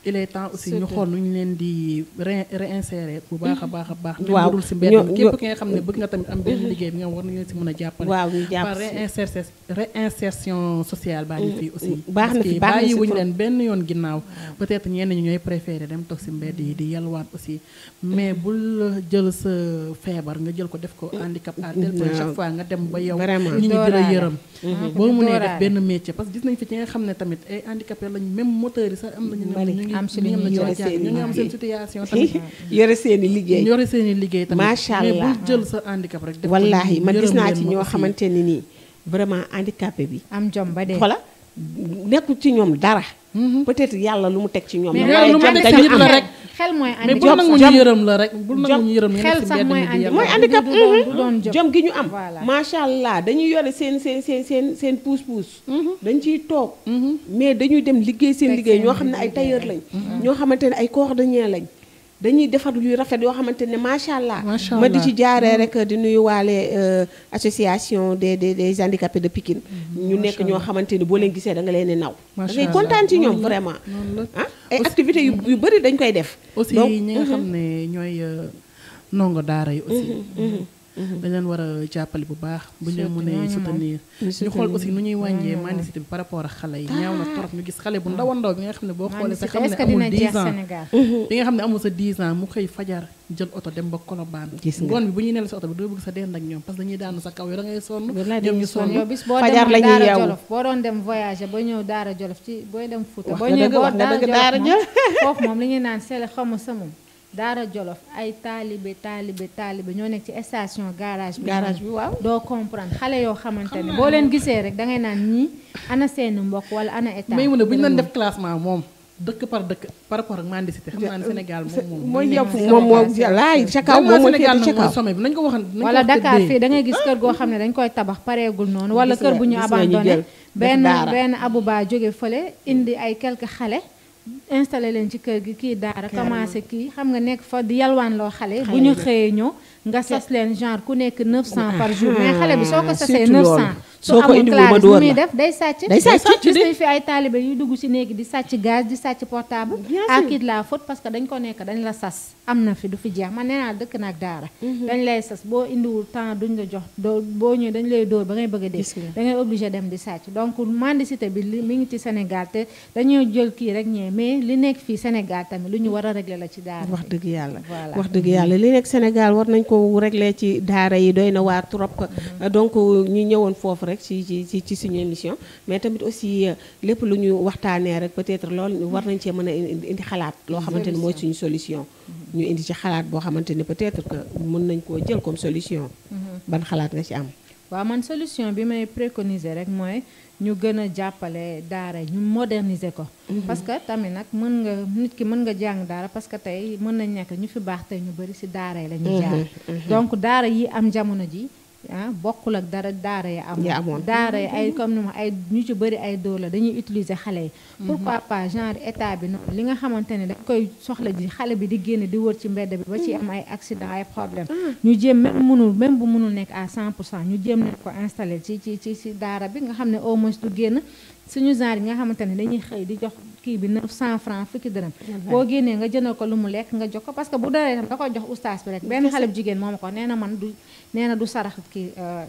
il est temps aussi ñu xool nu ñu leen di réinsérer bu baax a baax a baax waaw warul si mbedd képp ki nga xam ne bëgg nga tamit am benn liggéey bi nga war nañu leen si mën a jàppale waaw ñu jàpp sociale baa mm, mm, baax na fi baax na leen benn yoon ginnaaw peut-être ñenn ñi ñooy préféré dem toog si mbedd yi di yalwaat aussi mais bul jël sa feebar nga jël ko def ko mm, handicap à tel point chaque fois nga dem ba yow ñi ñu gën a yërëm mm-hmm. boo mënee def benn métier parce ne tamit ay am si li ñuy yore seen seen yore seen liggéey [LAUGHS] yore seen i liggéey tamit macha allah mais bu jël sa handicap man gis naa ci ñoo xamante ne nii vraiment handicapé bi am jom ba dee nekkul ci ñoom dara mm-hmm. peut-être yàlla lu mu teg ci ñoom la waaye jom dañu am xel mooy andi. mais bul nangu ñu yërëm la rek bul nangu ñu yërëm xel sax mooy andi mooy euh, jom gi ñu am macha allah dañuy yore seen seen seen seen seen pousse mhm. dañ ciy toog mhm. mais dañuy dem liggéey seen liggéey ñoo xam ne ay tailleur lañ mhm. ñoo xamante ne ay cordonnier lañ dañuy defar yu rafet yoo xamante ne macha allah. ma di ci jaaree mm-hmm. rek di nuyuwaale euh, association des des des handicapés de Pikine. Mm-hmm. ñu nekk ñoo xamante ne boo leen gisee da nga leen di naw. macha allah kontaan ci ñoom vraiment. ah ay activités yu yu bëri dañ koy def. donc aussi ñi nga mm-hmm. xam ne ñooy euh, nongo daara yi aussi. Mhm. dañ leen war a jàppale bu baax bu ñu mënee soutenir ñu xool aussi nu ñuy wàññee mendicité bi par rapport ak xale yi ah. ñaaw na trop ñu gis xale bu ah. ndaw a ndaw bi nga xam ne boo xoolee sa [LAUGHS] xam ne amul sa 10 mu xëy fajar jël oto dem ba Colobane ngoon bi bu ñuy nelaw sa oto bi doo bëgg sa dend ak ñoom parce dañuy daanu sa kaw yow da sonn ñu sonn fajar la ñuy yeewu boo doon dem voyager ba ñëw Daara Jolof ci booy dem Fuuta boo ñëw Daara Jolof foofu moom li ñuy naan sa moom Daara Jolof ay taalibe taalibe taalibe ñoo nekk ci station garage bi. garage waaw doo comprendre xale yoo xamante ne boo leen gisee rek dangay naan ñii ana seen mbokk wala ana état. bu ñu doon def classement moom dëkk par dëkk par rapport ak mendicité xam naa ne Sénégal moom mooy yëpp moom moom laay ca moom mooy féete nañ ko waxan wala Dakar fii da ngay gis kër goo xam ne dañ koy tabax pareegul noonu ah, wala kër bu ñu abandonné benn benn baa jóge fële indi ay quelques xale installé leen ci kër gi kii daara commencé kii xam nga nekk fa di yalwaan loo xale bu ñu xëyee ñëw nga sas leen genre ku nekk 900 par jour [LAUGHS] mais xale bi soo ko sasee 900 soo ko indiwul ma door la def day sàcc day sàcc fi ay taalibe yuy dugg ci néegi di sàcc gaz di sàcc portable à qui de la faute parce que dañ ko nekk dañ la sas am na fi du fi jeex man nee naa dëkk nag daara mhm. dañ lay sas boo indiwul temps duñ la jox doo boo ñëw dañ lay dóor ba ngay bëgg a dee da ngay obligé dem di sàcc donc mendicité bi mi ngi ci Sénégal te dañoo jël kii rek ñee mais li nekk fii Sénégal tamit lu ñu war a régler la ci daara wax dëgg yàlla wax dëgg yàlla li Sénégal war nañ ko régler ci daara yi doy na waar trop mhm. donc ñu ñëwoon foofu rek ci ci ci suñu émission mais tamit aussi euh, lépp lu ñu waxtaanee rek peut-être loolu war nañ cee mën a indi xalaat loo xamante ni mooy suñu solution mm-hmm. ñu indi ci xalaat boo xamante ni peut-être que nañ koo jël comme solution mm-hmm. ban xalaat nga ci am waaw man solution bi may préconiser rek mooy ñu gën a jàppale daara ñu moderniser ko mm-hmm. parce que tamit nag mën nga nit ki mën nga jàng daara parce que tey mën nañ nekk ñu fi baax tey ñu bëri si daara yi la ñuy donc daara yi ah bokkul ak dara daara ya amoon daara ya ay comme ni ma ay ñu ci bëri ay dóor la dañuy utiliser xale yi mhm. pourquoi pas genre état bi noonu li nga xamante ne dañ koy soxla ji xale bi di génn di wër ci mbedd bi ba ci am ay accident ay problème ah. ñu jéem même mënul même bu munul nekk à 100 pour cent ñu jéem ne ko installé ci ci ci ci daara bi nga xam ne au moins du génn suñu genre yi nga xamante ne dañuy xëy di jox kii bi 900 francs fukki dërëm boo génnee nga jëndal ko lu mu lekk nga jox ko parce que bu daree tam da koy jox ustaas bi rek benn xale bu jigéen moo ma ko nee na man du nee na du sarax kii euh,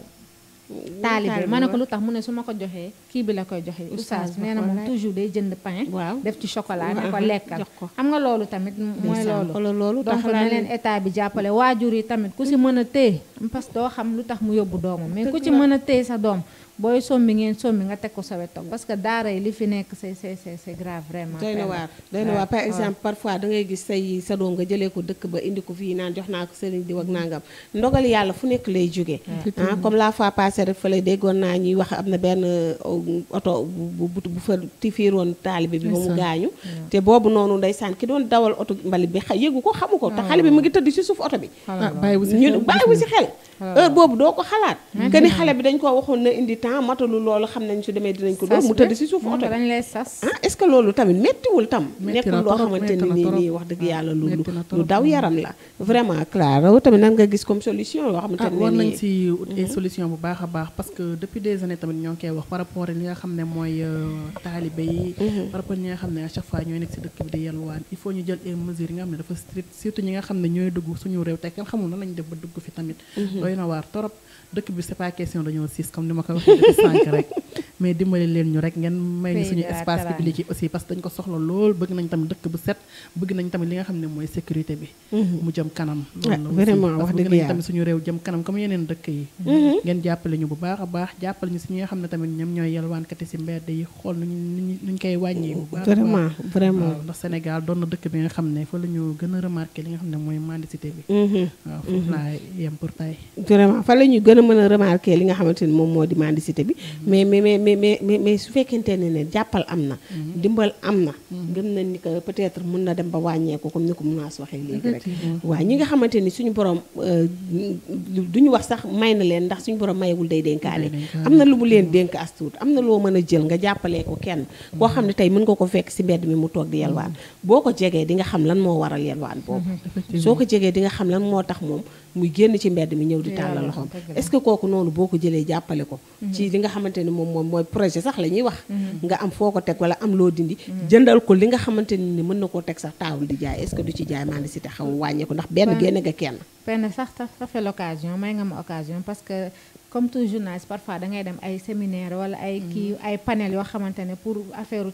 taalibe ma ne ko lu tax mu ne su ma ko joxee kii bi la koy joxee oustaz nee na moom toujours day jënd pain def ci chocolat ne ko lekkal xam nga loolu tamit mooy loolu donc na leen état bi jàppale waajur yi tamit ku si mën a téye parce que doo xam lu tax mu yóbbu doomam mais ku ci mën a téye sa doom booy sommi ngeen sommi nga teg ko sa wet parce que daara yi li fi nekk c'est c'est c'est vraiment. doy na waar par exemple par fois dangay gis say sa doom nga jëlee ko dëkk ba indi ko fii naan jox naa ko sëriñ di ak nangam ndogal yàlla fu nekk lay jóge ah comme la fois passée rek fële déggoon naa ñuy wax am na benn euh, oto bu bu bu fa tifiiroon taalibe bi ba mu gaañu. te boobu noonu saan ki doon dawal oto mbali bi yëgu ko xamu ko. te ah. xale bi mu ngi tëdd ci suuf oto bi. heure boobu doo ko xalaat mm-hmm. que ni xale bi dañ koo waxoon na indi temps matalu loolu xam nañ su demee dinañ ko dóor mu tëdd si suuf oto dañ ah, wax dëgg ah, yàlla lu lu daw yaram comme solution loo xamante ah, ne war nañ si ut mm-hmm. solution bu baax a baax parce que depuis des années tamit ñoo ngi koy wax par rapport li nga xam ne mooy euh, taalibe yi mm-hmm. par rapport ñi nga xam ne à chaque fois ñooy nekk si dëkk bi di yelwaan il faut ñu jël ay mesures yi nga xam ne dafa strict surtout ñi nga xam ne ñooy dugg suñu réew te kenn xamul nan lañ def ba dugg fi tamit doy na waar torop dëkk bi c'est pas question dañoo siis comme ni ma ko waxee sànq rek mais dimbali leen ñu rek ngeen may ñu suñu espace public yi aussi parce que dañ ko soxla lool bëgg nañ tamit dëkk bu set bëgg nañ tamit li nga mooy sécurité bi mhm. mu jëm kanam ah, vraiment wax dëgg yàlla tamit suñu réew jëm kanam comme yeneen dëkk yi mhm. ngeen jàppale ñu bu baax a baax jàppale ñu si ñi nga xam ne tamit ñoom ñooy yelwaankati si mbedd yi xool nuñ nuñ koy wàññi bu baax vraiment vraiment ndax Sénégal doon na dëkk bi nga xam ne fa la ñu gën a remarqué li nga xam ne mooy mendicité bi mhm. waaw foofu laa yem pour tey vraiment fa la ñu gën a mën li nga xamante ni moom moo di mendicité bi mais mais mais mais mais su fekkente ne ne jàppal am na. Mhm. dimbal am na. Mhm. gëm nañ ni que peut-être mun na dem ba wàññeeku comme ni ko Mounass waxee léegi rek. waaw ñi nga xamante ni suñu borom euh, duñu wax sax may na leen ndax suñu borom mayewul day dénkaane. am na lu mu leen mhm. dénk as tuut am na loo mën a jël nga jàppalee ko kenn. koo xam ne tey mën nga koo fekk si mbedd mi mu toog di yalwaan boo ko jegee di nga xam lan moo waral yalwaan boobu. soo ko jegee di xam lan moo tax moom. muy génn ci mbedd mi ñëw di tàllal loxoom est-ce que kooku noonu boo ko jëlee jàppale ko mm-hmm. ci li nga xamante ni moom moom mooy projet sax la ñuy wax mm-hmm. nga am foo ko teg wala am loo dindi mm-hmm. jëndal ko li nga xamante ni mën na koo teg sax taawul di jaay est-ce que du ci jaay mendicité xaw wàññeeku ndax benn génn nga kenn benn sax ça fait l'occasion may nga ma occasion parce que comme tout journaliste parfois da ngay dem ay séminaire wala ay kii ay panel yoo xamante ne pour affaire u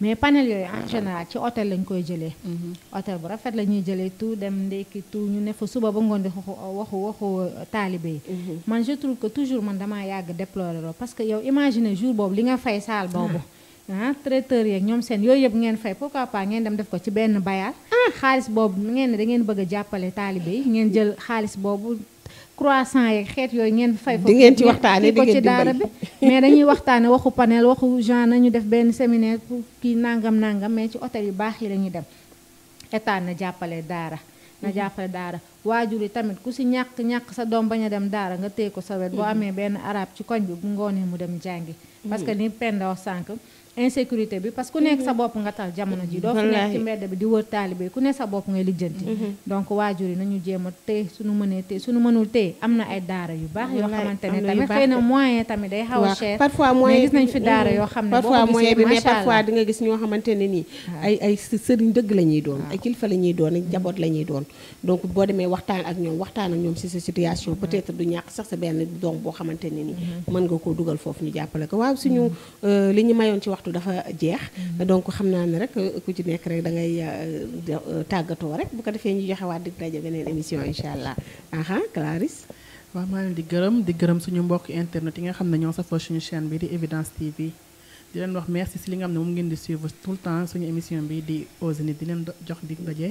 mais panel yooyu en ah, général ci hôtel lañ koy jëlee. Mhm. hôtel bu rafet la ñuy jëlee tout dem ndekki tout ñu ne fa suba ba ngoon di waxu waxu euh, taalibe yi. Mhm. man je trouve que toujours man damaa yàgg déplorer loolu parce que yow imagine jour boobu li nga fay saal boobu. ah, ah traiteur yeeg ñoom seen yooyu yëpp ngeen fay pourquoi pas ngeen dem def ko ci benn bayaal. Ah. xaalis boobu ngeen ne da ngeen bëgg a jàppale taalibe yi ngeen jël xaalis boobu. croissant yi xeet yooyu ngeen fay foofu di ngeen ci waxtaane ko ci daara bi mais dañuy waxtaane waxu panel waxu genre nañu def benn séminaire pour kii nangam nangam mais ci hôtel yu baax yi la ñuy dem état na jàppale daara na jàppale daara waajur yi tamit ku si ñàkk ñàkk sa doom bañ a dem daara nga téye ko sa wet boo mm. amee benn arab ci koñ bi bu ngoonee mu dem jàngi mm. parce que ni Penda wax sànq insécurité bi parce que ku nekk sa bopp nga tax jamono ji doo fi nekk mhm. a téye yu baax yoo xamante ne tamit xëy na moyen tamit day a cher parfois moyen mhm. yoo xam ne parfois moyen bi mais gis ñoo xamante ne nii ah. ay ay sëriñ dëgg la ñuy doon ay ah. kilifa la ñuy doon ay jaboot mm-hmm. la ñuy doon donc boo demee waxtaan ak ñoom waxtaan ak ñoom si sa situation mm-hmm. peut-être du ñàkk sax sa benn doom boo xamante ne nii mm-hmm. mën nga koo dugal foofu ñu jàppale ko waaw suñu euh, li ñu mayoon ci waxtu waxtu dafa jeex mm-hmm. donc xam naa ne rek uh, ku ci nekk rek da ngay uh, uh, tàggatoo rek bu ko defee ñu joxe di dig daje beneen émission incha allah aha Clarisse waaw maa leen di gërëm di gërëm suñu mbokk internet yi nga xam ne ñoo safoo suñu chaîne bi di Evidence TV di leen wax merci si li nga xam ne moom ngeen di suivre tout le temps suñu émission bi di Aux Zénith di leen jox di daje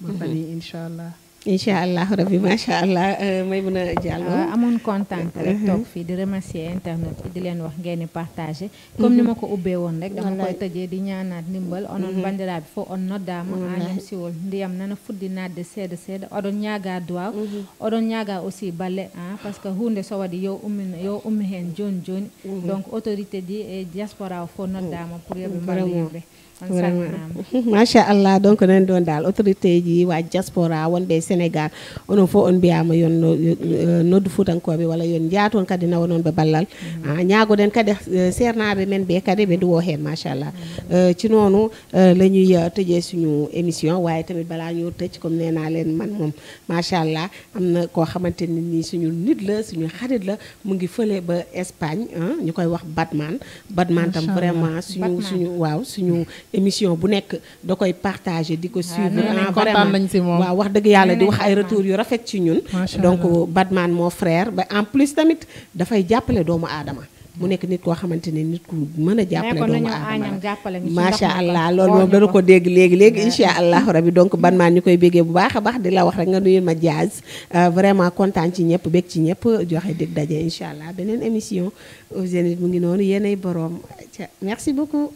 ba fan yi mm-hmm. incha allah incha allah rabbi macha allah eh, may mën a ah, jàll. amoon kontaan rek mhm. toog fii di remercier internet di leen wax ngeen di partagé. comme ni ma ko ubbee woon rek. dama koy tëjee di ñaanaat ndimbal. Mhm. onon bandiraaɓe fof on noddaama aanam siwol ndiyam nana fuɗɗi naatde seeɗa seeɗa oɗon ñaaga duwaw mhm. oɗon ñaaga aussi balle a ah, que hunde so waɗi yo ummi yo ummi heen donc autorité ji e diaspora noddaama pour yoɓe mballa yimɓe vraiment [LAUGHS] macha allah donc nañ doon daal autorité ji waa diaspora wonɓe sénégal onon fof on mbiyama yon euh, noddu futankoɓe walla yon jaton kadi nawa noon ɓe ballal mm-hmm. ah, ñagoɗen kadi euh, sernaɓe men ɓe kadi ɓe wooxee hen allah euh, ci noonu la ñuy tëjee suñu émission waaye tamit balaa ñu tëj comme nee naa leen man moom allah am na koo xamante ne nii suñu nit la suñu xarit la mu ngi fële ba Espagne ah, ñu koy wax Batman Batman tam vraiment suñu suñu waaw suñu émission bu nekk da koy partage di ko ah, suivre ah, vraiment waaw wax dëgg yàlla di wax ay retour yu rafet ci ñun donc Batman moo frère ba en plus tamit dafay jàppale doomu aadama mu mm. nekk nit koo xamante ne nit ku mën a jàppale doomu aadama macha allah loolu moom dana ko dégg léegi léegi incha allah rabi donc ban ñu koy bégee bu baax a baax di la wax rek nga nuyul ma jaaz euh, vraiment kontaan ci ñëpp bég ci ñëpp joxe dégg daje incha allah beneen émission Au Zénith mu ngi noonu yéenay boroom merci beaucoup